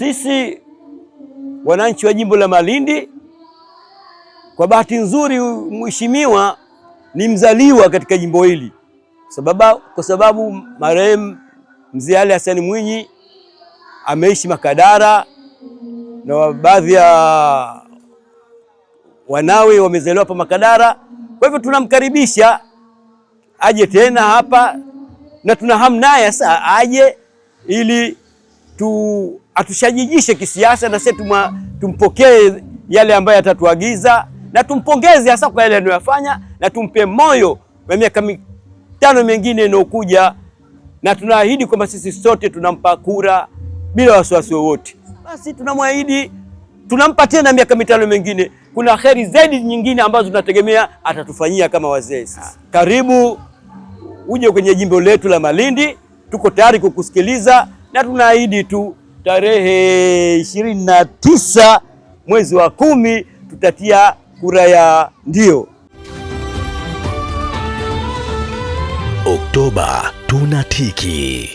Sisi wananchi wa jimbo la Malindi, kwa bahati nzuri, mheshimiwa ni mzaliwa katika jimbo hili sababu, kwa sababu marehemu mzee Ali Hassan Mwinyi ameishi Makadara na baadhi ya wanawe wamezaliwa hapa Makadara. Kwa hivyo tunamkaribisha aje tena hapa na tuna hamu naye sasa aje ili tu atushajijishe kisiasa na sisi tumpokee yale ambayo atatuagiza na tumpongeze hasa kwa yale anayofanya na tumpe moyo kwa miaka mitano mingine inayokuja, na tunaahidi kwamba sisi sote tunampa kura bila wasiwasi wowote. Basi tunamwahidi tunampa tena miaka mitano mingine. Kuna heri zaidi nyingine ambazo tunategemea atatufanyia kama wazee. Karibu uje kwenye jimbo letu la Malindi, tuko tayari kukusikiliza na tunaahidi tu tarehe ishirini na tisa mwezi wa kumi tutatia kura ya ndio. Oktoba tunatiki.